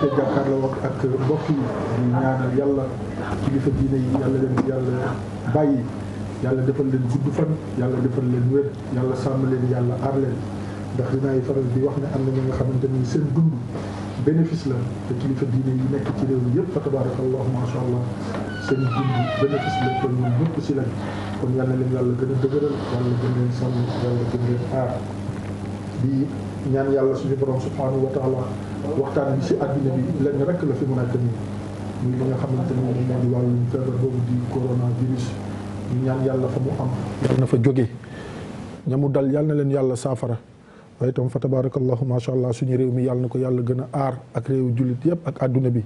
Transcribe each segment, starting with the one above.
te jàkkaarloo wax ak mbokk yi ñu ñaanal yàlla kilifa diine yi yàlla leen yàlla bàyyi yàlla defal leen gudd fan yàlla defal leen wér yàlla sàmm leen yàlla aar leen ndax dinaay faral di wax ne am na ñi nga xamante ni seen dund bénéfice la te kilifa diine yi nekk ci réew mi yëpp fa tabarakallah masha allah seen dund bénéfice la te ñun ñëpp si lañ kon yàlla leen yàlla gën a dëgëral yàlla gën leen sàmm aar di ñaan yàlla suñu borom subhanahu wa taala waxtaan bi si àddina bi lenn rek la fi mën a tënk muy li nga xamante ne moom moo di boobu di coronavirus ñu ñaan yàlla fa mu am. yàlla na fa jóge ñamu dal yàlla na leen yàlla saafara waaye tam fa tabarakallahu macha allah suñu réew mi yàlla na ko yàlla gën a aar ak réewu jullit yëpp ak àdduna bi.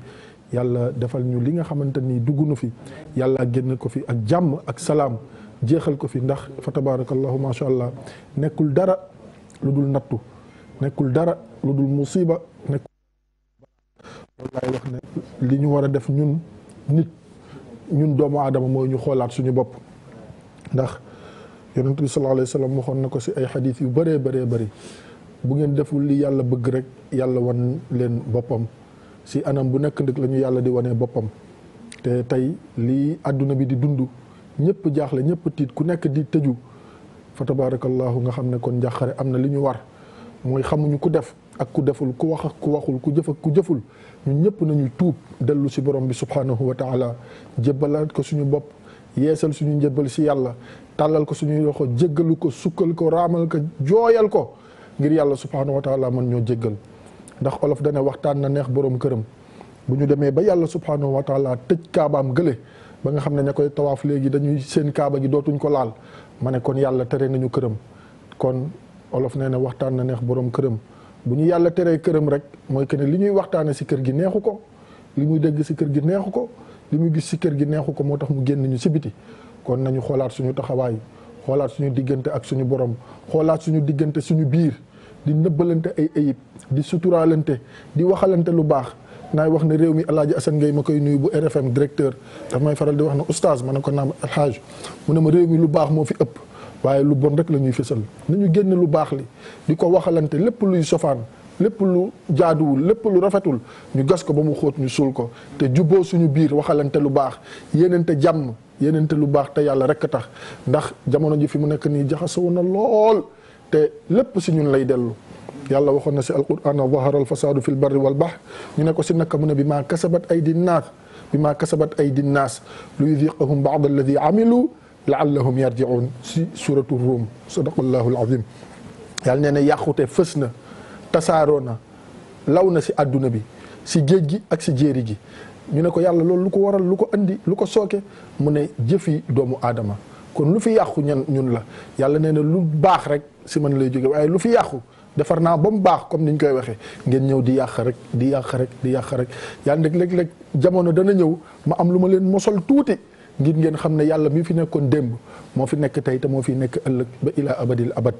yàlla defal ñu li nga xamante ni dugg nu fi yàlla génn ko fi ak jàmm ak salaam jeexal ko fi ndax fa tabarakallahu macha allah nekkul dara lu dul nekkul dara lu dul musiba. loolu wax ne li ñu war a def ñun nit ñun doomu aadama mooy ñu xoolaat suñu bopp ndax yonent bi sallallahu alayhi wa sallam waxoon na ko si ay xadiis yu bëree bëree bari bu ngeen deful li yàlla bëgg rek yàlla wan leen boppam si anam bu nekk nag la ñu yàlla di wane boppam te tey li àdduna bi di dund ñëpp jaaxle ñëpp tiit ku nekk di tëju fa tabaarakallaahu nga xam ne kon njàqare am na li ñu war mooy xamuñu ku def ak ku deful ku wax ak ku waxul ku jëf ak ku jëful ñu ñëpp nañu tuub dellu si borom bi subhaanahu wa taala jébbalaat ko suñu bopp yeesal suñu njëbbal si yàlla tàllal ko suñu loxo jéggalu ko sukkal ko raamal ko jooyal ko ngir yàlla subhaanahu wa taala mën ñoo jéggal ndax olof dane waxtaan na neex borom këram bu ñu demee ba yàlla subhaanahu wa taala tëj kaabaam gële ba nga xam ne ña koy tawaaf léegi dañuy seen kaaba gi dootuñ ko laal ma ne kon yàlla tere nañu këram kon olof nee na waxtaan na neex borom këram bu ñu yàlla teree këram rek mooy que ne li ñuy waxtaane si kër gi neexu ko li muy dégg si kër gi neexu ko li mu gis si kër gi neexu ko moo tax mu génn ñu si biti kon nañu xoolaat suñu taxawaay xoolaat suñu diggante ak suñu borom xoolaat suñu diggante suñu biir di nëbbalante ay ayib di suturaalante di waxalante lu baax naay wax na réew mi El Hadj Ngay ma koy nuyu bu RFM directeur daf may faral di wax ne oustaz ma ne ko naam El Hadj mu ne ma réew lu baax moo fi ëpp. waaye lu bon rek la ñuy fësal nañu génn lu baax li di ko waxalante lépp luy sofaan lépp lu jaaduwul lépp lu rafetul ñu gas ko ba mu xóot ñu suul ko te jubboo suñu biir waxalante lu baax yéenante jàmm yéenante lu baax te yàlla rek a tax ndax jamono ji fi mu nekk nii jaxasoo na lool te lépp si ñun lay dellu yàlla waxoon na si alquran zahara alfasadu fi lbarri walbahr ñu ne ko si naka mu ne bi maa kasabat aydi naas bi maa kasabat aydi naas lu yudiqahum baad alladi amilu laallahum yarjiun si suratu ruum sadaqallahu alazim yàlla nee na yàqute fës na tasaaroo na law na si àdduna bi si géej gi ak si jéeri gi ñu ne ko yàlla loolu lu ko waral lu ko indi lu ko sooke mu ne jëfi doomu aadama kon lu fi yàqu ñan ñun la yàlla nee na lu baax rek si man lay jóge waaye lu fi yàqu defar naa ba mu baax comme ni ñu koy waxee ngeen ñëw di yàq rek di yàq rek di yàq rek yàlla nag léeg-léeg jamono dana ñëw ma am lu ma leen mosol tuuti ngir ngeen xam ne yàlla mi fi nekkoon démb moo fi nekk tey te moo fi nekk ëllëg ba ilaa abadil abad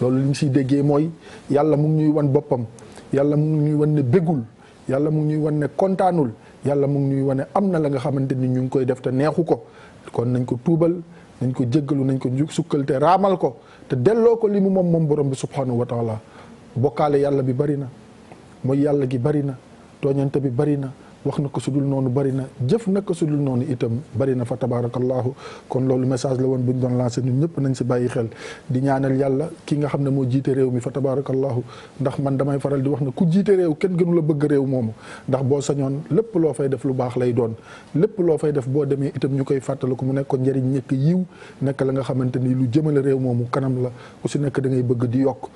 loolu li ñu siy déggee mooy yàlla mu ngi ñuy wan boppam yàlla mu ngi ñuy wan ne bégul yàlla mu ngi ñuy wan ne kontaanul yàlla mu ngi ñuy wan am na la nga xamante ni ñu ngi koy def te neexu ko kon nañ ko tuubal nañ ko jéggalu nañ ko sukkal te raamal ko te delloo ko li mu moom moom borom bi subhanahu wa taala bokkaale yàlla bi bari na mooy yàlla gi bari na tooñante bi bari na wax na ko sudul noonu bari na jëf na ko sudul noonu itam bari na fa tabaarakallaahu kon loolu message la woon bu ñu doon lancé ñun ñëpp nañ si bàyyi xel di ñaanal yàlla ki nga xam ne moo jiite réew mi fa tabaarakallaahu ndax man damay faral di wax ne ku jiite réew kenn gënu la bëgg réew moomu ndax boo sañoon lépp loo fay def lu baax lay doon lépp loo fay def boo demee itam ñu koy ko mu nekk njariñ ñëkk yiw nekk la nga xamante ni lu jëmale réew moomu kanam la ku si nekk da bëgg di yokk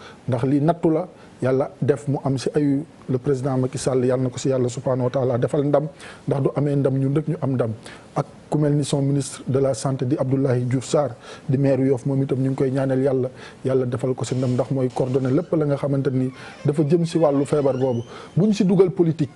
yàlla def mu am si ayu le président Macky Sall yàlla na ko si yàlla subhanahu wa taala defal ndam ndax du amee ndam ñun rek ñu am ndam ak ku mel ni son ministre de la santé di Abdoulaye Diouf saar di maire Yoff moom itam ñu ngi koy ñaanal yàlla yàlla defal ko si ndam ndax mooy coordonné lépp la nga xamante ni dafa jëm si wàllu feebar boobu buñ si dugal politique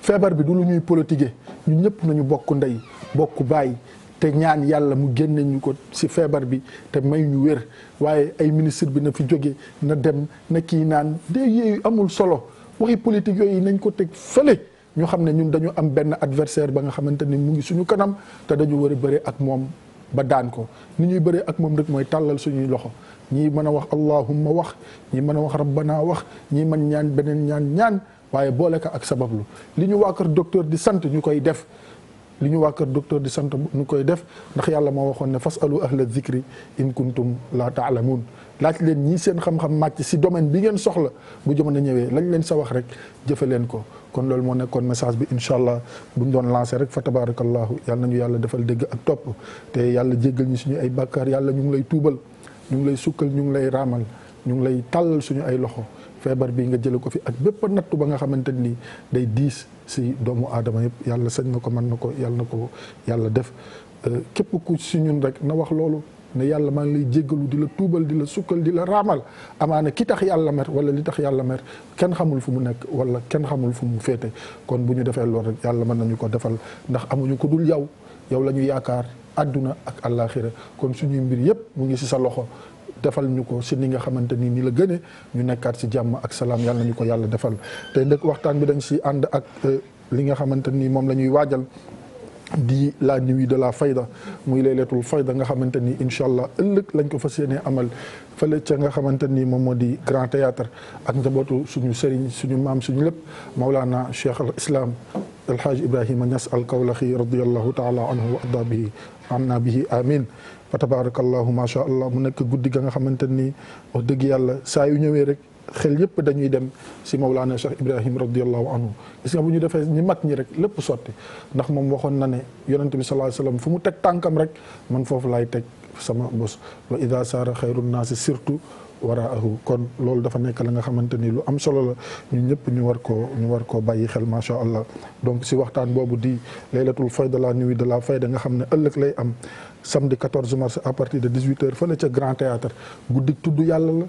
feebar bi du lu ñuy politiquer ñun ñëpp nañu bokk ndey bokk baay te ñaan yàlla mu génne ñu ko ci feebar bi te may ñu wér waaye ay ministre bi na fi jóge na dem na kii naan de yooyu amul solo waxi politique yooyu nañ ko teg fële ñu xam ne ñun dañu am benn adversaire ba nga xamante ni mu ngi suñu kanam te dañu war a bëre ak moom ba daan ko ni ñuy bëree ak moom rek mooy tàllal suñuy loxo ñii mën a wax allahumma wax ñii mën a wax rabbana wax ñii mën ñaan beneen ñaan ñaan waaye boole ko ak sabablu li ñu waa kër docteur di sant ñu koy def li ñu waa kër docteur di sant ñu koy def ndax yàlla moo waxoon ne fasalu ahla zikri in kuntum la taalamuun laaj leen ñii seen xam-xam màcc si domaine bi ngeen soxla bu jamono ñëwee lañ leen sa wax rek jëfe leen ko kon loolu moo nekkoon message bi incha allah bu ñu doon lancé rek fa tabarakallahu yàlla nañu yàlla defal dégg ak topp te yàlla jéggal ñu suñu ay bàkkaar yàlla ñu ngi lay tuubal ñu ngi lay sukkal ñu ngi lay raamal ñu ngi lay tàllal suñu ay loxo feebar bi nga jële ko fi ak bépp nattu ba nga xamante ni day diis si doomu aadama yëpp yàlla sañ na ko mën na ko yàlla na ko yàlla def euh, képp ku si ñun rek na wax loolu ne yàlla maa ngi lay jéggalu di la tuubal di la sukkal di la raamal amaana ki tax yàlla mer wala li tax yàlla mer kenn xamul fu mu nekk wala kenn xamul fu mu féete kon bu ñu defee lool rek yàlla mën nañu ko defal ndax amuñu ko dul yow yow la ñu yaakaar àdduna ak àllaaxira kon suñuy mbir yëpp mu ngi si sa loxo defal ñu ko si ni nga xamante ni ni la gëne ñu nekkaat si jàmm ak salaam yàlla ñu ko yàlla defal te nag waxtaan bi dañ si ànd ak euh, li nga xamante ni moom la ñuy waajal di la nuit de la fayda muy laylatul fayda nga xamante ni incha allah ëllëg lañ ko fas yéenee amal fële ca nga xamante ni moom moo di grand théâtre ak njabootu suñu sëriñ suñu maam suñu lépp Maulana Cheikh al Islam El Hadj Ibrahima Niass al Kawlaxi radiyallahu taala anhu wa arda bihi am naa bihi amin fa tabarakallahu ma sha allah mu nekk guddi ga nga xamante ni wax dëgg yàlla saa yu ñëwee rek xel yëpp dañuy dem si Mawlana Cheikh Ibrahim radiallahu anhu gis nga bu ñu defee ñi mag ñi rek lépp sotti ndax moom waxoon na ne yonente bi sallallahu alayhi wasallam fu mu teg tànkam rek man foofu laay teg sama bos wa ida saara xayru naasi surtout waraahu kon loolu dafa nekk la nga xamante ni lu am solo la ñun ñëpp ñu war koo ñu war koo bàyyi xel macha allah donc si waxtaan boobu di laylatul fayda la nuit de la fayda nga xam ne ëllëg lay am samedi 14 mars à partir de 18h fële ca Grand Théâtre guddik tudd yàlla la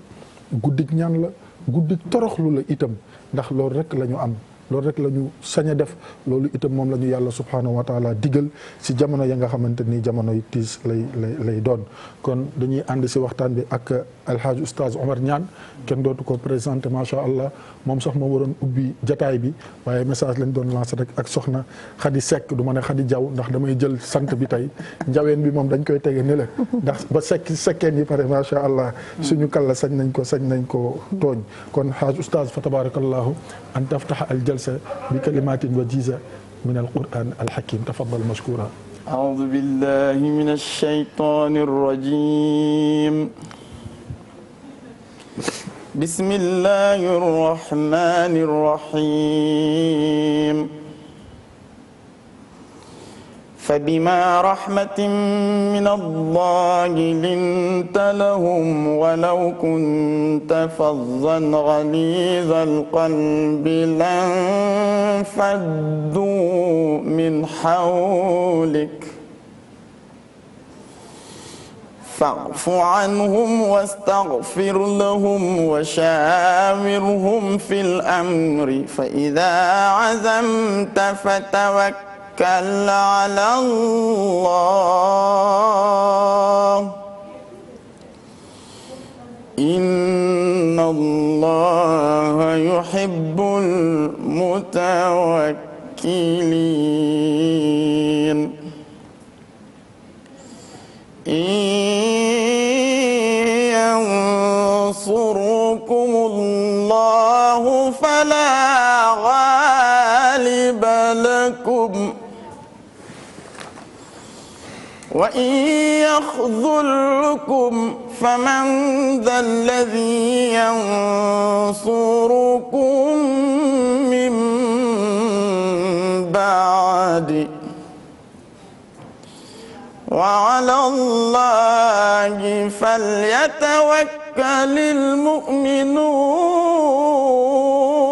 guddik ñaan la guddik toroxlu la itam ndax loolu rek la ñu am loolu rek la ñu sañ a def loolu itam moom la ñu yàlla subhaanahu wa taala digal si jamono ya nga xamante ni jamono yi tiis lay lay lay doon kon dañuy ànd si waxtaan bi ak alhaaj oustaz Omar ñaan kenn dootu ko présenté macha allah moom sox moo waroon ubbi jataay bi waaye message lañ doon lancé rek ak soxna Khady sekk du ma ne Khady Diaw ndax damay jël sant bi tey njaween bi moom dañ koy tege ne la ndax ba sekk sekkeen yi pare macha allah suñu kàlla sañ nañ ko sañ nañ ko tooñ kon haaj oustaz جلسة بكلمات وجيزة من القرآن الحكيم تفضل مشكورا أعوذ بالله من الشيطان الرجيم بسم الله الرحمن الرحيم فبما رحمة من الله لنت لهم ولو كنت فظا غليظ القلب لانفضوا من حولك فاعف عنهم واستغفر لهم وشاورهم في الأمر فإذا عزمت فتوكل توكل على الله إن الله يحب المتوكلين إن ينصركم الله فلا غالب لكم وإن يخذلكم فمن ذا الذي ينصركم من بعده وعلى الله فليتوكل المؤمنون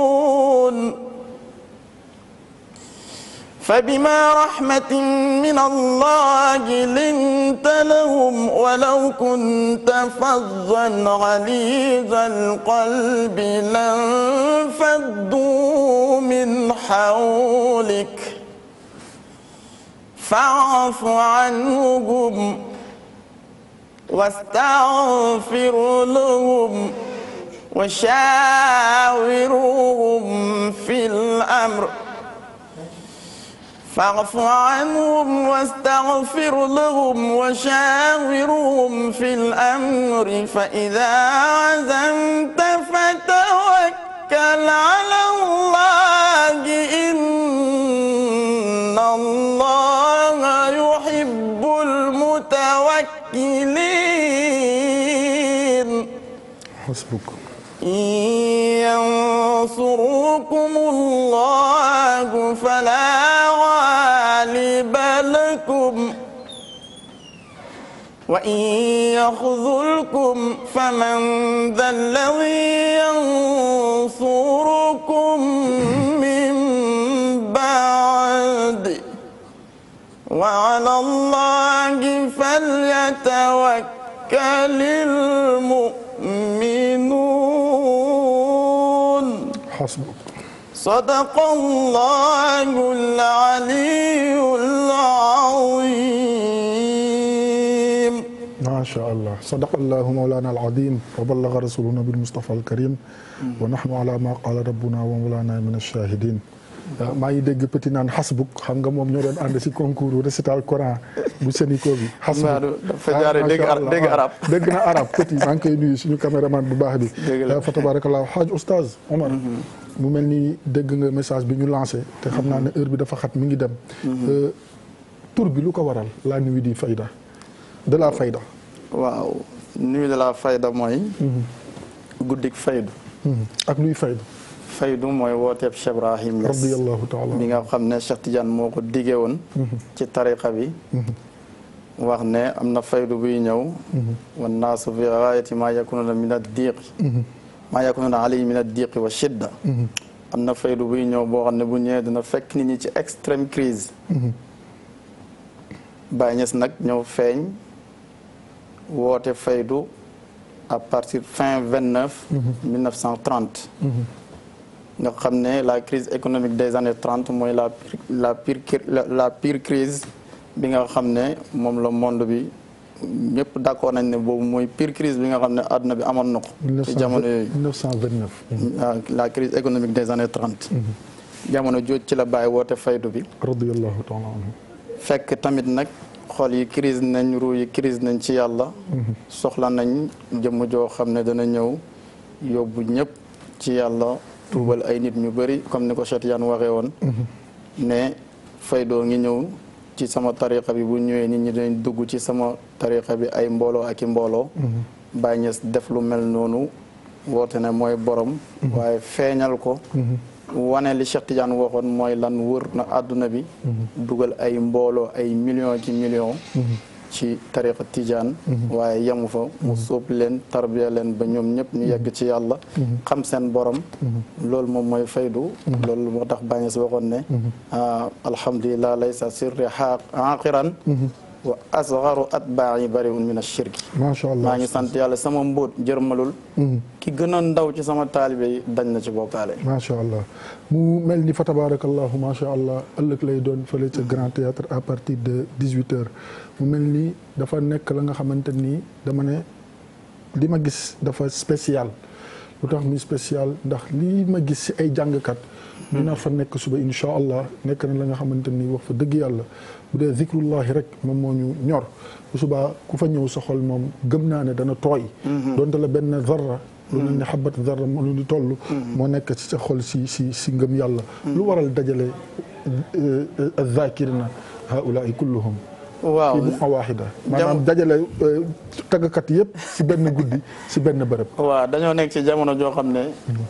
فبما رحمة من الله لنت لهم ولو كنت فظا غليظ القلب لانفضوا من حولك فاعف عنهم واستغفر لهم وشاورهم في الأمر فاعف عنهم واستغفر لهم وشاورهم في الأمر فإذا عزمت فتوكل على الله إن الله يحب المتوكلين حسبك ينصركم الله فلا غالب لكم وإن يخذلكم فمن ذا الذي ينصركم من بعد وعلى الله فليتوكل صدق الله العلي العظيم ما شاء الله صدق الله مولانا العظيم وبلغ رسولنا بالمصطفى الكريم ونحن على ما قال ربنا ومولانا من الشاهدين maa ngi dégg petit naan xasbuk xam nga moom ñoo doon ànd si concours récital Coran bu Sénico bi. xasbuk dafa jaare dégg arab dégg na arab petit maa ngi koy nuyu suñu caméraman bu baax bi. dëgg la fa tabarakallah Haaj Oustaz Omar. Mm-hmm. mu mel ni dégg nga message bi ñu lancé te xam naa ne heure bi dafa xat mi ngi dem mhm. euh, tur bi lu ko waral la nuit di fayda de la fayda waaw nuit de la fayda mooy mhm. guddik faydu mhm. ak luy faydu faydu mooy wooteeb Cheikh Ibrahim radiyallahu taala bi nga xam ne Cheikh Tidiane moo ko diggee woon ci tariqa bi wax ne am na faydu buy ñëw wan naasu fi gaayati ma yakununa min maa yakuuna alayhi min addiqi wa shidda mm-hmm. am na faydu buy ñëw boo xam ne bu ñëwee dina fekk nit ñi ci extrême crise mm-hmm. Baye Niass nag ñëw feeñ woote faydu à partir fin vingt mm-hmm. neuf mille nga xam ne la crise économique des années trente mooy la la pire crise bi nga xam ne moom la mond bi ñëpp d'accord nañ ne boobu mooy pire crise bi nga xam ne àdduna bi amoon na ko. ci jamono yooyu ah, la crise économique des années 30. Mhm. jamono jooj ci la bàyyi woote faydu bi. radiyallahu taala anhu. fekk tamit nag xol yi crise nañ ruu yi crise nañ ci yàlla. Mhm. soxla nañ jëmm joo xam ne dana ñëw yóbbu ñëpp ci yàlla. tuubal ay nit ñu bëri comme ni ko Cheikh Tidiane waxee woon. Mhm. ne faydoo ngi ñëw. ci sama tariqa bi bu ñëwee nit ñi dañ dugg ci sama tariqa bi ay mbooloo ak i mbooloo mhm. Baay Ñas def lu mel noonu woote ne mooy boroom mhm. waaye feeñal ko mhm. wane li Cheikh Tidiane waxoon mooy lan wër na àdduna bi dugal ay mbooloo ay millions ci millions ci tariqa tijaan mhm. waaye yemu fa mu mhm. suub leen tarbiya leen ba ñoom ñëpp ñu yegg ci yàlla mhm. xam seen borom loolu moom mooy faydu loolu moo tax bàñes waxoon ne ah, alhamdulilah laysa sirri aaqiran wa asgaru atbaai bariun min ashirki macha allah maa ngi sant yàlla sama mbóot jërmalul ki gën a ndaw ci sama taalibe yi dañ na ci bokkaale macha allah mu mel ni fa tabarakallahu macha allah ëllëg lay doon fële ca grand théâtre à partir de 18 heures mu mel nii dafa nekk la nga xamante ni dama ne li ma gis dafa spécial lu tax muy spécial ndax lii ma gis ci ay jàngkat. dina fa nekk suba incha allah nekk na la nga xamante ni wax fa dëgg yàlla bu dee zikrullahi rek moom moo ñu ñor bu subaa ku fa ñëw sa xol moom gëm naa ne dana tooy. Mhm. donte la benn zarra. lu ne ne mhm. xabat zarra lu ñu toll. Mhm. moo nekk ci sa xol si si si ngëm yàlla. lu waral dajale eh, eh, zaakirina haulaay kulluhum waaw fii bu xawaahida maanaam dajale eh, yëpp si benn guddi si benn bërëb. waaw dañoo nekk ci jamono joo xam ne. Mhm.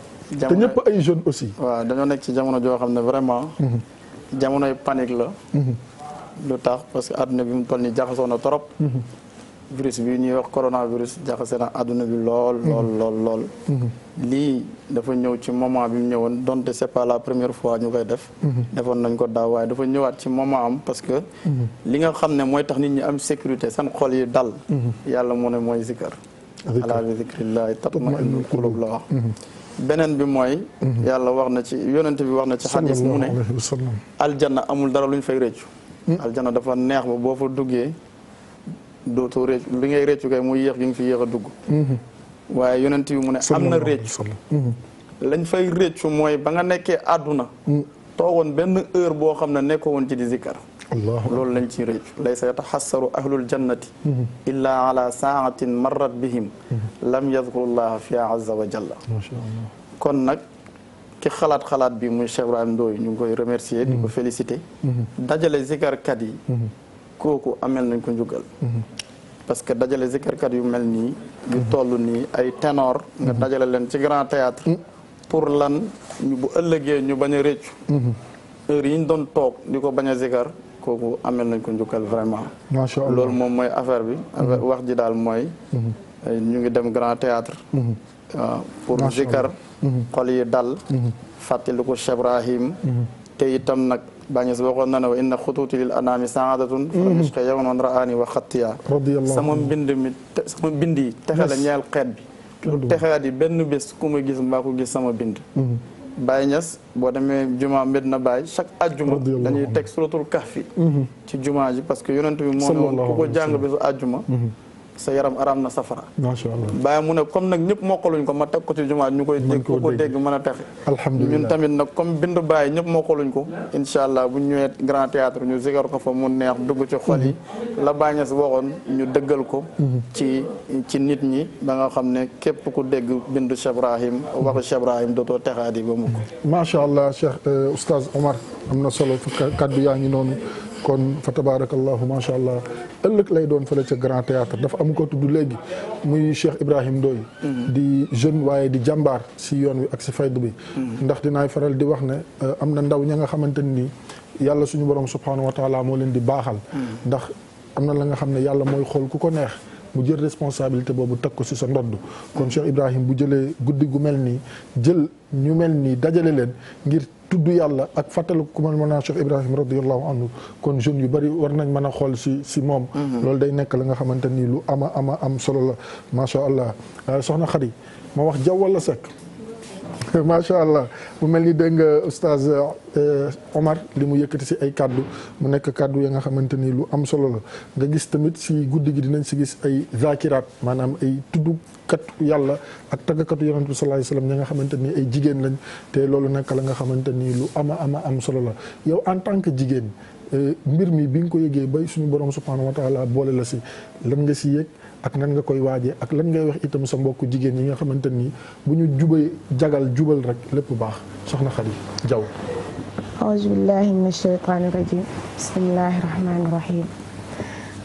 te ñëpp ay jeunes aussi. dañoo nekk ci jamono joo xam ne vraiment. Mhm. jamonoy panique la. Mhm. lu tax parce que àdduna bi mu toll nii jaxasoo na trop. virus bi ñuy wax coronavirus jaxase na àdduna bi lool mhm. lool lool lool mhm. lii dafa ñëw ci moment bi mu ñëwoon donte c'est pas la première fois ñu koy def mhm. defoon nañ ko daaw waaye dafa ñëwaat ci moment am parce que li nga xam ne mooy tax nit ñi am sécurité seen xool yi dal yàlla mu ne mooy zikkar alaa bi zikrillahi tatma'innul qulub la wax bi mooy yàlla wax na ci yonent bi wax na ci xadis mu ne aljanna amul dara luñ fay rëccu hmm. aljanna dafa neex ba boo fa duggee dootoo réccu li ngay réccu kay muy yéex gi fi yéex a dugg waaye yonent bi mu ne am na réccu mhm. lañ fay réccu mooy ba nga nekkee àdduna mhm. toogoon benn heure boo xam ne nekkoo woon ci di zikkar loolu lañ ci réccu laysa yataxassaru ahlul jannati mhm. illaa ala saatin marrat bihim lam yadkurullaha fi azza wa jalla kon nag ki xalaat xalaat bi muy Cheikh Ibrahim Ndoye ñu koy remercier di ko féliciter dajale zikarkat yi kooku amel nañ ko njugal parce que dajale zikarkat yu mel nii yu toll nii ay ténor nga dajale leen ci grand théâtre pour lan bu ëllëgee ñu bañ a réccu heure yi ñu doon toog ni ko bañ a zikar kooku amel nañ ko njukkal vraiment macha allah moom mooy affaire bi mhm. wax ji daal mooy mhm. ñu ngi dem grand théâtre mhm. ah, pour zikar xol yi dal fàttaliku Cheikh Ibrahim te itam nag bàññis waxoon na ne wa inna xutuuti lil anaami saadatun fa ishqa mm-hmm. yawman raani wa sama mbind mi sama mbind yi texe la ñeel xeet bi texaat yi benn bés ku ma gis mbaa ko gis sama bind mm-hmm. Baye Niass boo demee juma mbir na Baye chaque ajjuma dañuy teg suratul kahfi mm-hmm. ci juma ji parce que yonent bi moo ne woon ku ko jàng bésu ajjuma sa yaram araam na safara macha allah bàyyi mu ne comme nag ñëpp mokkaluñ ko ma teg ko ci jumaa ñu koy dégg ku ko dégg mën a texe alhamdulilah ñun tamit nag comme bind bàyyi ñëpp mokkaluñ ko incha allah bu ñu ñëwee grand théâtre ñu zigar ko fa mu neex dugg ci xol yi mhm. la bàññe si waxoon ñu dëggal ko mhm. ci ci nit ñi ba nga xam ne képp ku dégg bindu Cheikh Ibrahim waxu Cheikh Ibrahim dootoo texaat yi ba mukk allah Cheikh euh, Oustaz Omar am na solo kaddu yaa ngi noonu kon fa tabarakallahu macha allah ëllëg lay doon fële ca grand théâtre dafa am ko tudd léegi muy Cheikh Ibrahim Ndoye mm-hmm. di jeune waaye di jàmbaar si yoon wi ak si faydu bi mm-hmm. ndax dinaay faral di wax ne eh, am na ndaw ña nga xamante ni yàlla suñu borom subhanahu wa moo leen di baaxal mm-hmm. ndax am na la nga xam ne yàlla mooy xool ku ko neex mu jël responsabilité boobu teg ko si sa ndodd kon Cheikh Ibrahim bu jëlee guddi gu mel nii jël ñu mel nii dajale leen ngir tudd yàlla ak fàttaliku ku mel ne Cheikh Ibrahim radiyallahu anhu kon jeunes yu bëri war nañ mën a xool si si moom. Mhm. loolu day nekk la nga xamante ni lu ama ama am solo la macha allah euh, soxna Khady ma wax jaww la sekk. macha allah mu mel ni dégg nga oustaz euh, Omar li mu yëkkati si ay kàddu mu nekk kàddu ya nga xamante ni lu am solo la nga gis tamit si guddi gi dinañ si gis ay zakiraat maanaam ay tuddukat yàlla ak tàggkatu yonent bi sallallahu alayhi wasallam ña nga xamante ni ay jigéen lañ te loolu nekk la nga xamante ni lu ama ama am solo la yow en tant que jigéen euh, mbir mi bi nga ko yëgee bay suñu borom subhanahu wa taala boole la si lan nga si yëg. ak nan nga koy waajee ak lan ngay wax itam sa mbokku jigéen yi nga xamante nii bu ñu jubay jagal jubal rek lépp baax soxna Khady Diaw aouzu billahi min asheytaani rajim bismillahi rahmaani rahim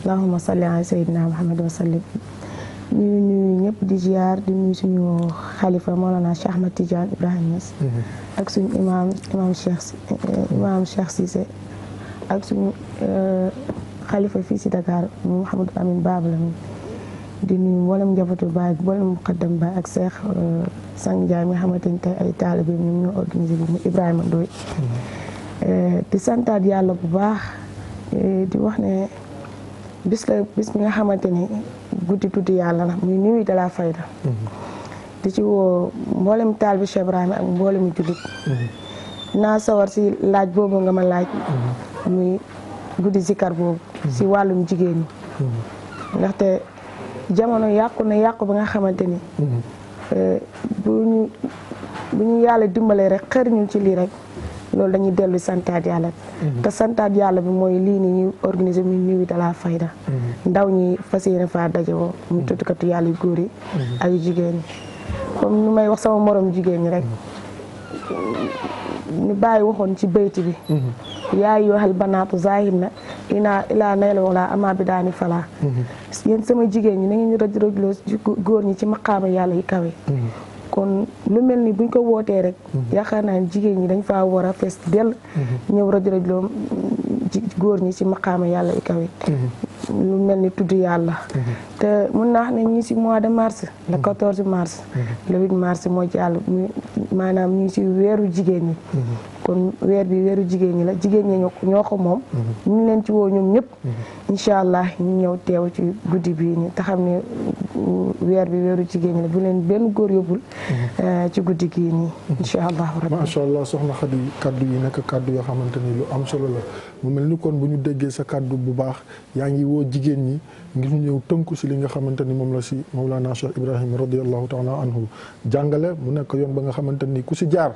allahuma salli ala sayyidina muhammad ñëpp di ziar di suñu xalifa Mawlana Cheikh Ahmad Tidiane Ibrahima Niass mm-hmm. ak suñu imaam imaam Cheikh imaam ak suñu euh, xalifa fii si Dakar Mouhamadou Amine Babalamin di nuyu mboolem njabootu baay mboolem xaddam baa ak seex euh, sang Ndiaye mi nga xamante ni tey ay taalibe ñoom ñoo organisé bi mu euh, di santaat yàlla bu baax euh, di wax ne bis la bi nga xamante ni guddi tuddi yàlla la muy nuyu de la fayda di ci woo mboolem taalibe Cheikh Ibrahima ak mboolemu jullit naa sawar si laaj boobu nga ma laaj muy guddi zikar boobu si wàllum jigéen ñi mm-hmm. ndaxte jamono yàqu na yàqu ba nga xamante ni. Euh, bu ñu yàlla dimbalee rek xër ñu ci lii rek loolu dañuy dellu santaat yàlla bi. Mm-hmm. te santaat yàlla bi mooy lii ni ñuy organiser muy nuit de la fayda. Mm-hmm. ndaw ñi fas yéene faa dajewoo. muy mm-hmm. tuttukatu yàlla yu góor yi. ak jigéen ñi comme ni may wax sama morom jigéen ñi rek. ñu bàyyi waxoon ci bayti bi mhm. yaay yoxel naatu zahim na ina ilaa nayla wala ama bi daani fala mhm. yéen sama jigéen ñi na ngeen ñu raj góor ñi ci maqaama yàlla yi kawe mhm. kon lu mel ni buñ ko wootee rek yaakaar naa ne jigéen ñi dañ faa war a fees dell ñëw raj rajloo góor ñi ci maqaama yàlla yi kawe lu mel ni tudd yàlla. Mhm. te mun naa xam ne ñu si mois de mars. le 14 mhm. mars. Mhm. le 8 mars moo jàll maanaam ñu si weeru jigéen ñi. kon weer bi weeru jigéen ñi la jigéen ñi ñoo ko moom. mu leen ci woo ñoom ñëpp. incha allah ñu ñëw teew ci guddi bii nii te xam ne uh, weer bi weeru jigéen ñi la bu leen benn góor yóbbul. Uh, ci guddi gii nii. incha allah rabbi macha allah soxna Xadi kaddu yi nekk kaddu yoo xamante ni lu am solo la mu mel ni kon bu ñu déggee sa kàddu bu baax woo jigéen ñi ngir ñu ñëw tënku si li nga xamante ni moom la si Mawlana Cheikh Ibrahim radiallahu taala anhu jàngale mu nekk yoon ba nga xamante ni ku si jaar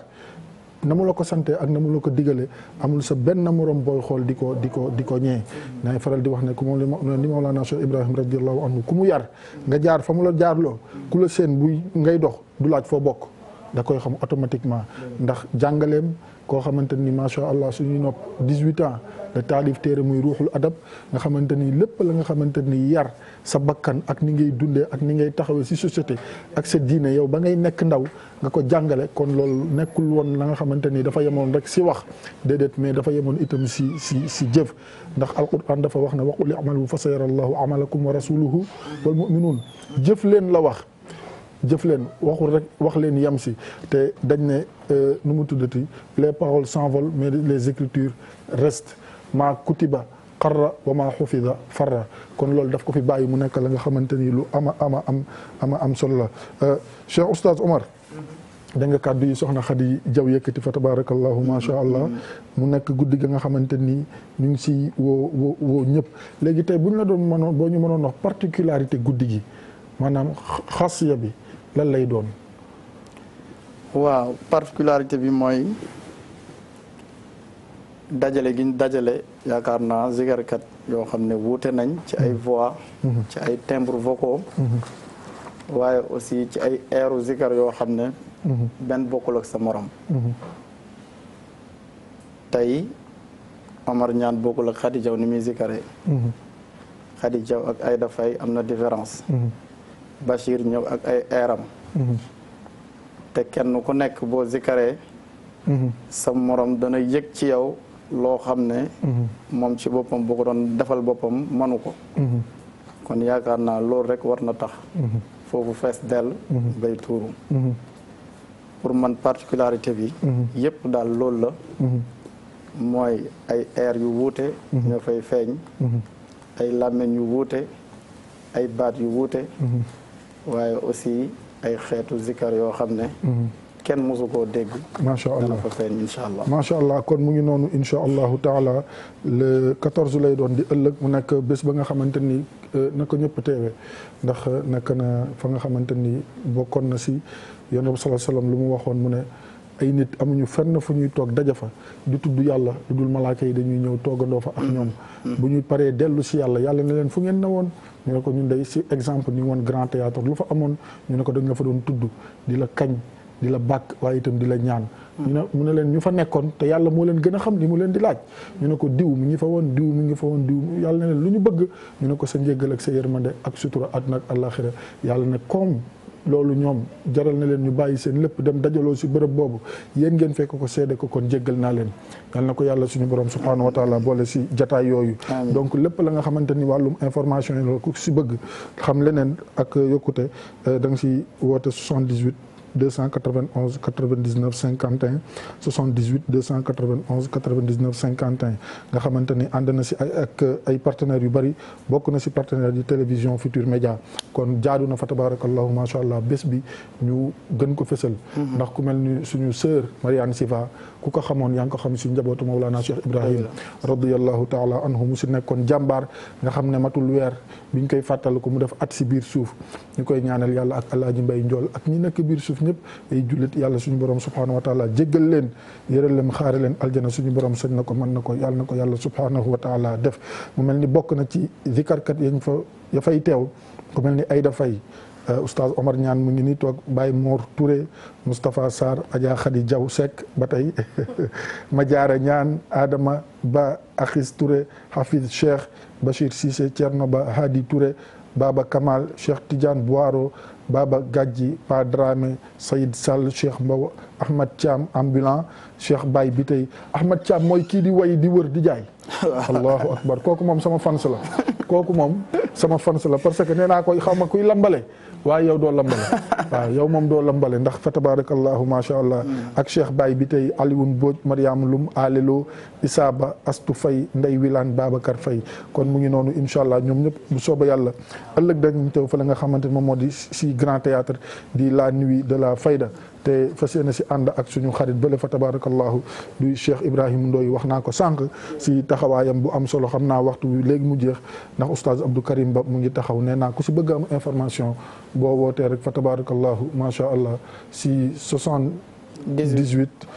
na mu la ko sante ak na mu la ko digale amul sa benn morom booy xool di ko di ko di ko ñee naay faral di wax ne ku moom li Mawlana Cheikh Ibrahim radiallahu anhu ku mu yar nga jaar fa mu la jaarloo ku la seen buy ngay dox du laaj foo bokk da koy xam automatiquement ndax jàngaleem koo xamante ni macha allah suñuy nopp 18 ans da taalif téere muy ruuxul adab nga xamante ni lépp la nga xamante ni yar sa bakkan ak ni ngay dundee ak ni ngay taxawee si société ak sa diine yow ba ngay nekk ndaw nga ko jàngale kon loolu nekkul woon la nga xamante ni dafa yemoon rek si wax déedéet mais dafa yemoon itam ci ci ci jëf ndax alquran dafa wax ne waqul i'malu fa sayara allahu amalakum wa rasuluhu wal mu'minun jëf leen la wax jëf leen waxul rek wax leen yem si te dañ ne euh, nu mu tuddati les paroles s'envolent mais les écritures restent maa kutiba xarra wa maa xufida farra kon loolu daf ko fi bàyyi mu nekk la nga xamante ni lu ama ama am ama am solo la euh, Cheikh Oustaz Omar nga kàddu yi soxna Xadi Jaw yëkkati fa tabarakallahu ma sha allah mu nekk guddi ga nga xamante ni ñu ngi si woo ñëpp léegi tey bu ñu la doon mënoon boo ñu mënoon wax particularité guddi gi maanaam xasiya bi lan lay doon waaw particularité bi mooy dajale gi ñu dajale yaakaar naa kat yoo xam ne wuute nañ ci ay mm-hmm. voix mm-hmm. ci ay timbre vocaux mm-hmm. waaye aussi ci ay airu zikar yoo xam ne benn bokkul ak sa morom tey Omar Ñaan bokkul ak Khady Diaw ni muy zikare ak Aïda Faye am na différence Bachir ñëw ak ay airam te kenn ku nekk boo zikaree sa morom dana yëg ci yow loo xam ne mhm. moom ci boppam bu ko doon defal boppam manu ko mhm. kon yaakaar naa loolu rek war na tax mhm. foofu fees dell bay tuuru pour man particularité bi yëpp daal loolu la mooy ay air yu wuute ñoo fay feeñ ay làmmiñ yu wuute ay baat yu wuute waaye aussi ay xeetu zikar yoo xam ne kenn mosu koo dégg. macha allah dana fa allah. macha allah kon mu ngi noonu incha allahu taala le 14 lay doon di ëllëg mu nekk bés ba nga xamante ni euh, naka ñëpp teewee ndax euh, naka na fa nga xamante ni bokkoon na si yoon bi sallallahu alayhi lu mu waxoon mu ne. ay nit amuñu fenn fu ñuy toog daja fa du tudd yàlla lu dul malaaka yi dañuy ñëw toogandoo fa ak mm. ñoom bu ñuy paree dellu si yàlla yàlla ne leen fu ngeen ne woon ñu ne ko ñun day si exemple ni woon grand théâtre lu fa amoon ñu ne ko dañ la fa doon tudd di la kañ di la bàkk waaye itam di la ñaan ñu ne mu ne leen ñu fa nekkoon te yàlla moo leen gën a xam li mu leen di laaj ñu ne ko diw mi ngi fa woon diw mi ngi fa woon diw yàlla ne leen lu ñu bëgg ñu ne ko sa njéggal ak sa yërmande ak sutura àdduna ak àllaaxira yàlla ne comme loolu ñoom jaral na leen ñu bàyyi seen lépp dem dajaloo si bërëb boobu yéen ngeen fekk ko seede ko kon jéggal naa leen yal na ko yàlla suñu borom subhaanahu wa taala boole si jataay yooyu donc lépp la nga xamante ni wàllum information yi la ko si bëgg xam leneen ak yokkute eh, da nga si woote 78 291 99 51 78 291 99 51 nga xamante ni ànd si ay ak ay partenaires yu bari bokk na si partenaire di télévision Futur Média kon jaadu na fa tabarakallahu macha allah bés bi ñu gën ko fësal. Mhm. ndax ku mel ni suñu sœur Mariane Siva ku ko xamoon yaa ngi ko xam si njabootu Mawlana Cheikh Ibrahim radiyallahu taala anhu mu si nekkoon jàmbaar nga xam ne matul weer. bi ñu koy fàttal ko mu def at si biir suuf ñu koy ñaanal yàlla ak alaaji mbay njool ak ñi nekk biir suuf ñëpp ay jullit yàlla suñu borom subhanahu wa taala jéggal leen yëral leen xaare leen aljana suñu borom sëñ na ko mën na ko yàlla na ko yàlla subhanahu wa taala def mu mel ni bokk na ci zikarkat yañ fa ya fay teew ku mel ni ay dafay euh, oustaz Omar Ñaan mu ngi nii toog Baye Mor Touré Moustapha Sarr Adja Khady Diaw Seck ba tey Madiara Ñaan Adama Ba Axis Touré Hafiz Cheikh Bachir Cissé Thierno Ba Hadi Touré Baba Kamal Cheikh Tidiane Boiro Baba Gadji Pa Dramé Sayid Sall Cheikh Mbow Ahmad Thiam ambulant Cheikh Baye Bitey Ahmad Thiam mooy kii di way di wër di jaay allahu akbar kooku moom sama fans la kooku moom sama fans la parce que nee naa ko xaw ma kuy lambale waaye yow doo lambale waaw yow moom doo lambale ndax fa tabarakallahu macha allah hmm. ak Cheikh Baye bi tey Alioune Mbodj Mariama Loum Alelo Isaba Astou fay ndey wilaan Babacar fay kon mu ngi noonu incha allah ñoom ñëpp bu sooba yàlla ëllëg dañu teew fa la nga xamante moom moo di si grand théâtre di la nuit de fayda te fas yéene si ànd ak suñu xarit bële fa tabarakallahu du Cheikh Ibrahim Ndoy wax naa ko sànq si taxawaayam bu am solo xam naa waxtu bi léegi mu jeex ndax oustaz Abdou Karim Ba mu ngi taxaw nee naa ku si bëgg am information boo wootee rek fa tabarakallahu macha allah si soixante dix huit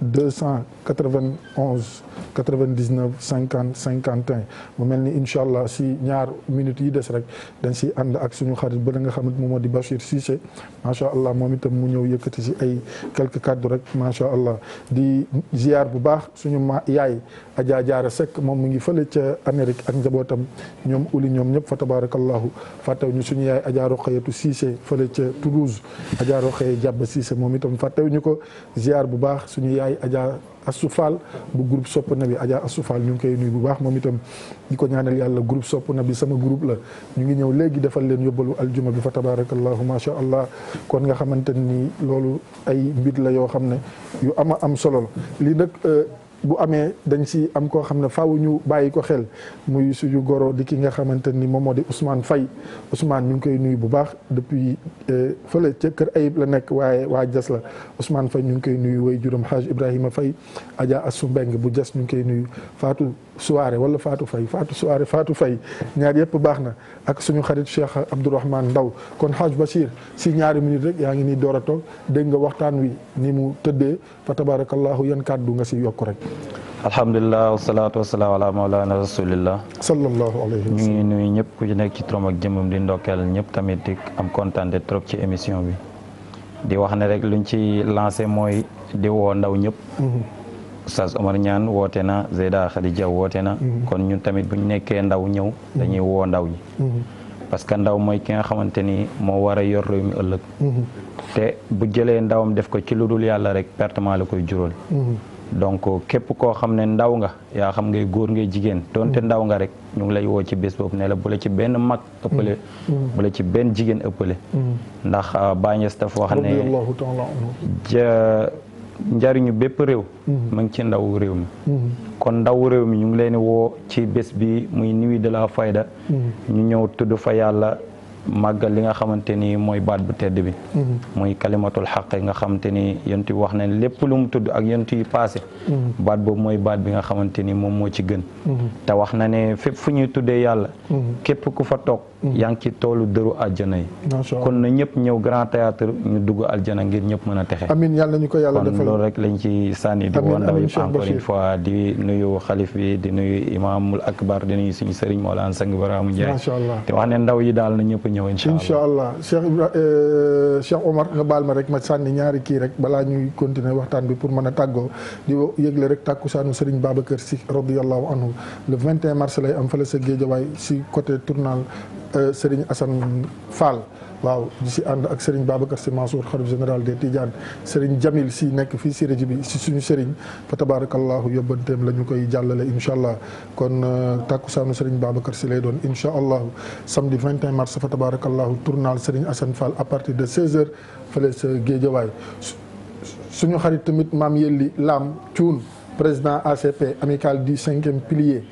deux cent 91 99 50 51 mu mel ni incha allah si ñaar minutes yi des rek dañ si ànd ak suñu xarit ba nga xam moom moo di Bachir Cissé macha allah moom itam mu ñëw yëkkati si ay quelques kàddu rek macha allah di ziar bu baax suñu ma yaay Adja Diarra Seck moom mu ngi fële ca Amérique ak njabootam ñoom uli ñoom ñëpp fa tabarakallahu fàttew ñu suñu yaay Adja Roqayatu Cissé fële ca Toulouse Adja Roqaye Jàbba Cissé moom itam fàttew ñu ko ziar bu baax suñu yaay Adja Astou Fall bu groupe Sopp bi Adja Astou Fall ñu ngi koy nuyu bu baax moom itam di ko ñaanal yàlla groupe Sopp bi sama groupe la ñu ngi ñëw léegi defal leen yóbbalu aljuma bi fa tabarakallahu ma sha allah kon nga xamante nii loolu ay mbir la yoo xam ne yu ama am solo la lii nag euh, bu amee dañ si am koo xam ne faw ñu bàyyi ko xel muy suñu goro di ki nga xamante ni moom moo di Ousmane fay Ousmane ñu ngi koy nuyu bu baax depuis eh, fële ca kër Ayib la nekk waaye waa Jas la Ousmane Faye ñu ngi koy nuyu way juróom Haj Ibrahima Faye Adja Assou Mbeng bu Jas ñu ngi koy nuyu faatu suwaare wala Fatou Faye Fatou Souare faatu fay ñaar yëpp baax na ak suñu xarit Cheikh Abdourahmane Ndaw kon Haj Bachir si ñaari minute rek yaa ngi nii door dégg nga waxtaan wi ni mu tëddee fa tabarakallahu yan kàddu nga si yokk rek alhamdulilah wasalaatu wasalaamu ala maulana rasulillah sallallahu alayhi ñu ngi nuyu ñëpp ku ci nekk ci turam ak jëmmam di ndokkeel ñëpp tamit di am kontaan trop ci émission bi di wax ne rek luñ ci lancé mooy di woo ndaw ñëpp mhm. Oustaz Omar Niane woote na Zeyda Khadija woote na mhm. kon ñun tamit buñ nekkee ndaw ñëw mhm. dañuy woo ndaw ñi parce que ndaw mooy ki nga xamante ni moo war a yor réew mi ëllëg mhm. te bu jëlee ndawam def ko ci lu dul yàlla rek pertement la koy jural mhm. donc képp koo xam ne ndaw nga yaa xam ngay góor ngay jigéen doonte mhm. ndaw nga rek ñu ngi lay woo ci bés boobu ne la bu ci benn mag ëppale bu la ci benn jigéen ëppale ndax euh, bàñes daf wax ne njariñu bépp réew mhm. mu ci ndaw réew mi mhm. kon ndaw réew mi ñu ngi leen woo ci bés bi muy nuit de la fayda mhm. ñu ñëw tudd fa yàlla màggal li nga xamante ni mooy baat bu tedd bi muy kalimatul xaq nga xamante ni yent bi wax na lépp lu mu tudd ak yent yi passé baat boobu mooy baat bi nga xamante ni moom moo ci gën te wax na ne fu ñuy tuddee yàlla képp ku fa toog Mm-hmm. yaa ngi ci toolu dëru aljana yi kon na ñëpp ñëw grand théâtre ñu dugg aljana ngir ñëpp mën a texe amiin yàlla ñu ko yàlla defal kon loolu rek lañ ci sànni di woo ndaw yëpp encore une fois di nuyu xalif bi di nuyu imaamul akbar di nuyu suñu sëriñ Mawlana Sang Baraamu Njaay te wax ne ndaw yi daal na ñëpp ñëw insha allah Cheikh euh, Cheikh Omar nga baal ma rek ma sànni ñaari kii rek balaa ñuy continuer waxtaan bi pour mën a tàggoo di yëgle rek tàkkusaanu sëriñ Babacar Si radiyallahu anhu le 21 mars lay am fële sa Géejawaay si côté tournal Euh, Serigne Assane Fall waaw di si ànd ak Serigne Babacar Sy Mansour xarit général des Tidiane Serigne Jamil si nekk fii si rajo bi si suñu Serigne fa tabarakallahu yóbbanteem la ñu koy jàllale incha allah kon euh, takkusaanu Serigne Babacar Sy lay doon incha allah samedi 21 mars fa tabarakallahu tournal Serigne asan Fall à partir de 16h fële sa géejawaay suñu xarit tamit maam yelli laam cuun président ACP amical du cinquième pilier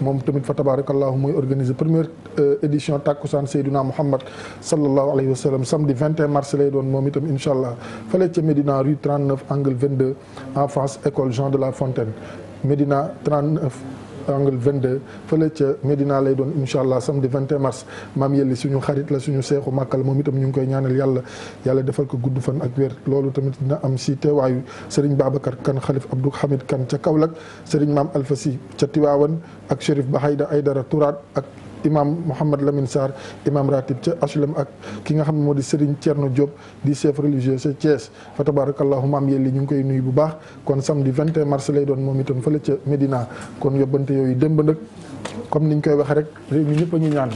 moom tamit fa tabarakallahu mooy organiser première euh, édition takkusaan Seydina Mouhamad sallallahu alayhi wa sallam samedi 21 mars lay doon moom itam incha allah fële ca Médina rue 39 angle 22 en face école Jean de la Fontaine Médina 39. angle 22 fële ca Medina lay doon incha allah samedi 21 mars maam yelli suñu xarit la suñu seexu màkkal moom itam ñu ngi koy ñaanal yàlla yàlla defal ko gudd fan ak wér loolu tamit dina am si teewaayu Serigne Babacar Kane Khalif Abdou Hamid Kane ca Kaolack Serigne maam Alfa Sy ca Tiwaawan ak Chérif Bahayda dara Touraat ak imam Mouhamad Lamine Sarr imam ratib ca HLM ak ki nga xam ne moo di Serigne Thierno Diop di chef religieux ca Thiès fa tabarakallahu maam yelli ñu ngi koy nuyu bu baax kon samedi 21 mars lay doon moom itam fële ca Médina kon yóbbante yooyu démb nag comme ñu koy waxee rek réew mi ñëpp ñu ñaan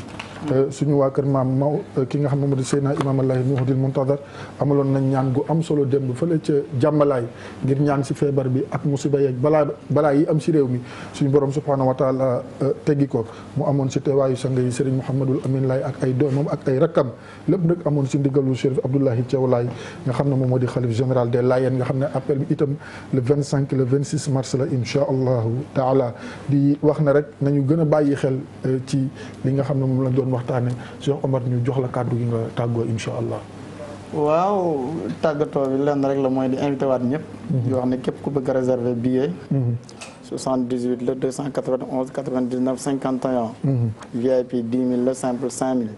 suñu waa kër maam maw eh, ki nga xam ne moo di Seydina Imaam Allahi Nuuhdil Muntadar amaloon nañ ñaan gu am solo démb fële ca jàmmalaay ngir ñaan si feebar bi ak musiba yeeg balaa balaa yi am si réew mi suñu borom subhaanahu wa taala eh, teggi ko mu amoon si teewaayu sang yi Serigne Mouhamadul Amin Laay ak ay doomam ak ay rakkam lépp nag amoon si ndigalu Chérif Abdoulahi Thiaw Laay nga xam ne moom moo di xalif général des Layeen nga xam ne appel bi itam le 25 le 26 mars la incha allahu taala di wax na rek nañu gën a bàyyi xel eh, ci li nga xam ne moom la doon doon waxtaane Cheikh Omar ñu jox la kàddu gi nga tàggoo incha allah. waaw tàggatoo bi lenn rek la mooy di invité waat ñëpp. Mhm. di wax ne képp ku bëgg a réserver billet. 78 mhm. la 291 99 51. VIP 10 000 la simple 5000.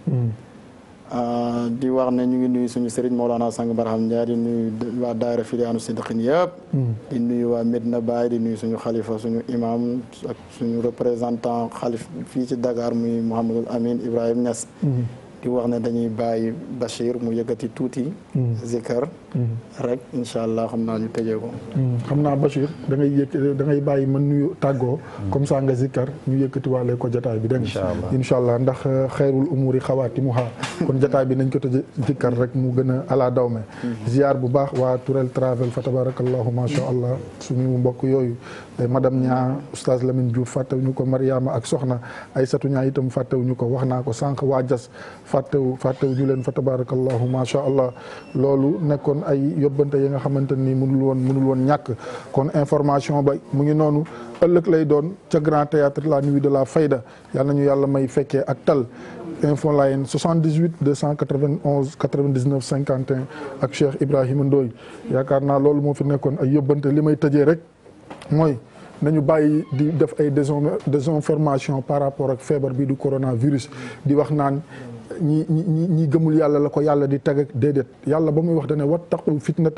Euh, di wax ne ñu ngi nuyu suñu sëriñ Maolana Sang Barham Ndiaye di nuyu waa daayira filiyaanu Siddiqin yëpp. Hmm. di nuyu waa na Baye di nuyu suñu xalifa suñu imaam ak suñu représentant xalif fii ci Dakar muy Mouhamadul Amin Ibrahim Niass. Hmm. di wax na dañuy bàyyi Bachir mu yëkkati tuuti. Mm. zikar. Mm. rek incha allah xam naa ñu tëjee ko. Mm. xam naa Bachir da ngay yëkk da ngay bàyyi man nuyu tàggoo. comme ça nga zikar ñu yëkkatiwaale ko jotaay bi. dégg nga incha allah ndax euh, xeerul umuri xawaatimuha kon jotaay bi nañ ko tëjee zikar rek mu gën a ala dawme mm-hmm. ziar bu baax waa Tourel Travel fa tabarakallahu ma sha allah suñu mbokk yooyu. madame Ñaa oustaz Lamine Diouf fàttewuñu ko Mariama ak Soxna Aysatu Ñaa itam fàttewuñu ko wax naa ko sànq waa Jas fàttewu fàttewuñu leen fa tabarakallahu macha allah loolu nekkoon ay yóbbante yi nga xamante ni mënul woon mënul woon ñàkk kon information ba mu ngi noonu ëllëg lay doon ca grand théâtre la nuit de la fayda na ñu yàlla may fekkee ak tal info line 78 291 99 51 ak Cheikh Ibrahima Ndoye yaakaar naa loolu moo fi nekkoon ay yóbbante li may tëjee rek mooy nañu bàyyi di def ay désinformation par rapport ak feebar bii du coronavirus di wax naan ñi ñi ñi gëmul yàlla la ko yàlla di teg ak déedéet yàlla ba muy wax dane wattaqu na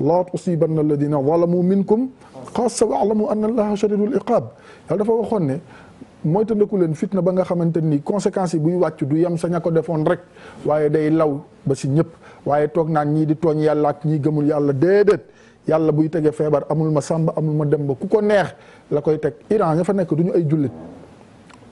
laa tusibanna alladina zalamu minkum xaasa waalamu anna allaha shadidul iqaab yàlla dafa waxoon ne moytandiku leen fitna ba nga xamante ni conséquence yi buy wàcc du yem saña ko defoon rek waaye day law ba si ñëpp waaye toog naan ñii di tooñ yàlla ak ñii gëmul yàlla déedéet yàlla buy tegee feebar amul ma sàmba amul ma dem ba ku ko neex la koy teg Iran ña fa nekk du ñu ay jullit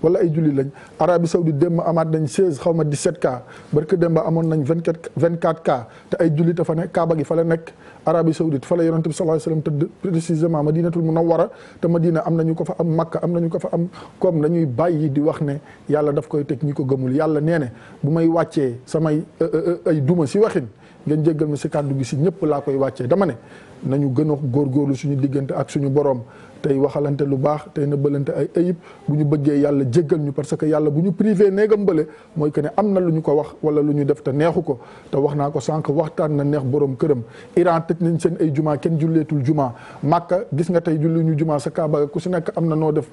wala ay jullit lañ Arabie Saoudite démb amaat nañ 16 xaw ma 17 cas barke démb amoon nañ 24 24 cas te ay jullit a fa nekk Kaaba gi fa la nekk Arabie Saoudite fa la yonent bi sallallahu alayhi ma sallam tëdd précisément Madinatul Munawwara te Madina am nañu ko fa am Makka am nañu ko fa am comme dañuy bàyyi di wax ne yàlla daf koy teg ñi ko gëmul yàlla nee ne bu may wàccee samay euh, euh, euh, ay duma si waxin ngeen jéggal ma si kàddu si ñëpp laa koy wàccee dama ne nañu gën góor góorgóorlu suñu diggante ak suñu borom tey waxalante lu baax tey bëlante ay ayib bu ñu bëggee yàlla jéggal ñu parce que yàlla bu ñu privé néegam bële mooy que ne am na lu ñu ko wax wala lu ñu def te neexu ko te wax naa ko sànq waxtaan na neex borom këram Iran tëj nañ seen ay juma kenn julleetul juma màkka gis nga tey julli ñu juma sa kaaba ku si nekk am na noo def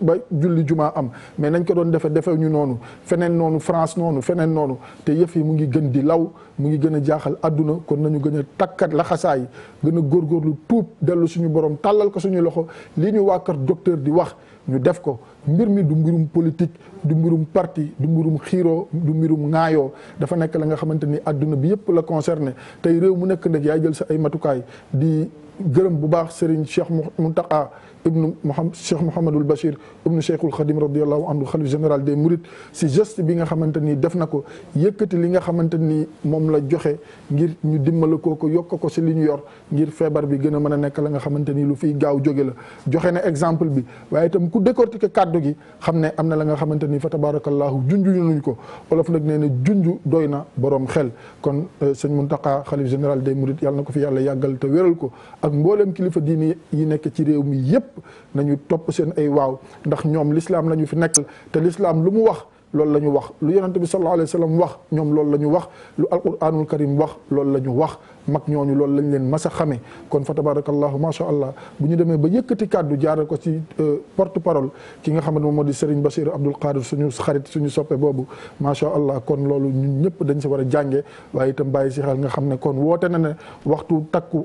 ba julli juma am mais nañ ko doon defe defe ñu noonu feneen noonu France noonu feneen noonu te yëf yi mu ngi gën di law mu ngi gën a jaaxal adduna kon nañu gën a takkat laxasaay gën a góorgóorlu tuub dellu suñu borom tàllal ko suñu loxo li ñu waa kër docteur di wax ñu def ko mbir mi du mbirum politique du mbirum parti du mbirum xiiro du mbirum ŋaayoo dafa nekk la nga xamante ni àdduna bi yëpp la concerné tey réew mu nekk nag yaay jël sa ay matukaay di gërëm bu baax Serigne Cheikh Mountakha ibnu Mouhamad Cheikh Mouhamadul Bachir ibnu Cheikhul Khadim radiallahu anhu xalif général des Mourides si geste bi nga xamante ni def na ko yëkkati li nga xamante ni moom la joxe ngir ñu dimbala koo ko yokk ko si li ñu yor ngir feebar bi gën a mën a nekk la nga xamante ni lu fiy gaaw jóge la joxe na exemple bi waaye tam ku décortiquer kàddu gi xam ne am na la nga xamante ni fa tabarakallahu ñu nuñ ko olof nag nee na junju doy na boroom xel kon euh, sëñ Mountakha xalif général des Mourides yàlla na ko fi yàlla yàggal te wéral ko ak mboolem kilifa diini yi nekk ci réew mi yépp nañu topp seen ay waaw ndax ñoom lislaam la ñu fi nekk te lislaam lu mu wax loolu la ñu wax lu yonente bi sallallahu alayhi wa sallam wax ñoom loolu la ñu wax lu alquranul wax loolu la ñu wax mag ñooñu loolu lañ leen mas a xamee kon fa tabarakallahu ma sha allah bu ñu demee ba yëkkati kàddu jaaral ko ci euh, porte parole ki nga xam ne moom moo di Serigne Bassirou Abdoul Qadir suñu xarit suñu soppee boobu ma sha allah kon loolu ñun ñëpp dañ si war a jànge waaye itam bàyyi si xel nga xam ne kon woote na ne waxtu takku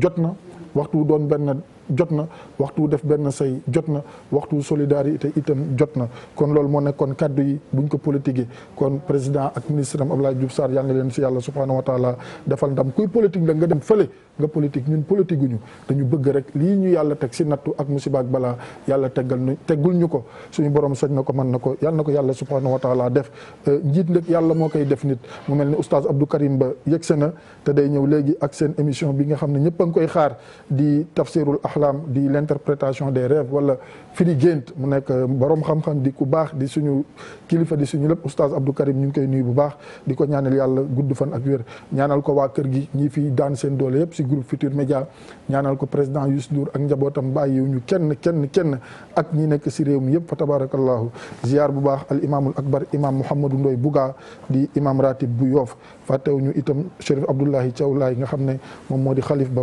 jot na waxtu doon benn jot na waxtu def benn say jot na waxtu solidarité itam jot na kon loolu moo nekkoon kaddu yi buñ ko politiqué kon président ak ministre am Abdoulaye Diouf Sarr yàlla na leen si yàlla subhanahu wa taala defal ndam kuy politique nag nga dem fële nga politique ñun politique ñu dañu bëgg rek lii ñu yàlla teg si nattu ak musiba ak balaa yàlla teggal nu teggul ñu ko suñu borom sañ na ko mën na ko yàlla na ko yàlla subhanahu wa taala def euh, njiit nag yàlla moo koy def nit mu mel ni oustaz Abdou Karim Ba yegg se na te day ñëw léegi ak seen émission bi nga xam ne ñëpp a ngi koy xaar di tafsirul ah axlaam di l'interprétation des rêves wala firi gént mu nekk borom xam-xam di ku baax di suñu kilifa di suñu lépp oustaz Abdou ñu ngi koy nuyu bu baax di ko ñaanal yàlla gudd fan ak wér ñaanal ko waa kër gi ñi fi daan seen doole yëpp si groupe Futur Média ñaanal ko président Youssou Ndour ak njabootam bàyyiwu ñu kenn kenn kenn ak ñi nekk si réew mi yëpp fa tabarakallahu ziar bu baax al imaamul akbar imam Mouhamadou Ndoye Bouga di imam ratib bu yoof fàttewu ñu itam Chérif Abdoulahi Thiaw Laay nga xam ne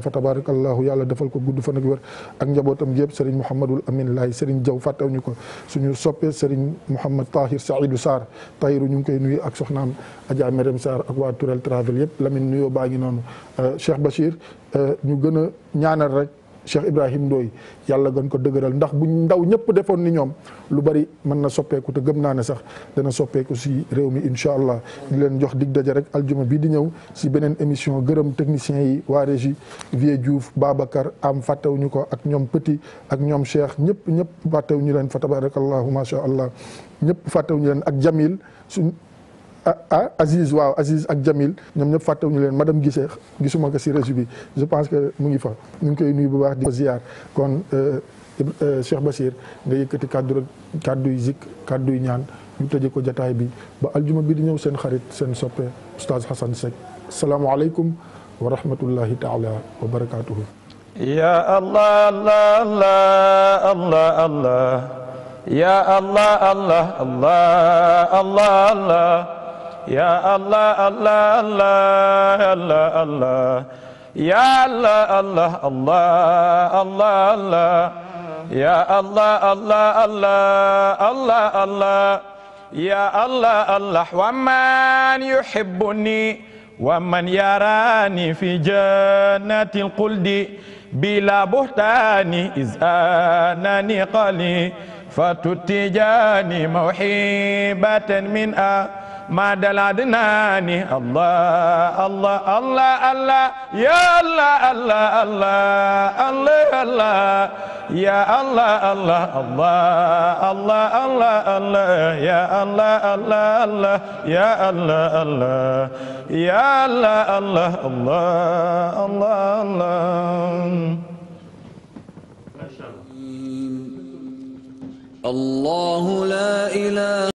fa tabarakallahu ak njabootam gépp Serigne Mouhamadul Amin Laay Serigne Diaw ñu ko suñu soppee Serigne Mouhamad Tahir Saïdou Sarr Tahiru ñu ngi koy nuyu ak soxnaam Adja Merem Sarr ak waa Tourel Travel yëpp Lamine nuyoo baa ngi noonu euh, Cheikh Bachir euh, ñu gën a ñaanal rek. Cheikh Ibrahim Ndoye yàlla gën ko dëgëral ndax bu ndaw ñëpp defoon ni ñoom lu bari mën na soppeeku te gëm naa ne sax dana soppeeku si réew mi incha allah di leen jox dig daje rek aljuma bii di ñëw si beneen émission gërëm techniciens yi waa régie Vieux Diouf Babacar am fàttewuñu ko ak ñoom Petit ak ñoom Cheikh ñëpp ñëpp fàttewuñu leen fa tabarakallahu ma sha allah ñëpp fàttewuñu leen ak Jamil su ah Aziz waaw Aziz ak Jamil ñoom ñëpp fàttewuñu leen madame Guissé gisuma ko si réseau bi je pense que mu ngi fa ñu ngi koy nuyu bu baax di ko ziar kon euh, euh, Cheikh Bassir nga yëkkati kàddu rek kàddu yu zik kàddu yu ñaan ñu tëjee ko jataay bi ba aljuma bi di ñëw seen xarit seen soppe oustaz Hassan Seck salaamualeykum wa rahmatullahi taala wa barakaatuhu. ya allah allah allah allah allah ya allah allah allah allah allah. يا الله الله الله الله الله يا الله الله الله الله الله يا الله الله الله الله الله يا الله الله ومن يحبني ومن يراني في جنة القلد بلا بهتان إذ أناني قلي فتتجاني موحبة من أ ما دل عدناني الله الله الله الله يا الله الله الله الله الله يا الله الله الله الله الله الله يا الله الله الله يا الله الله يا الله الله الله الله الله الله لا إله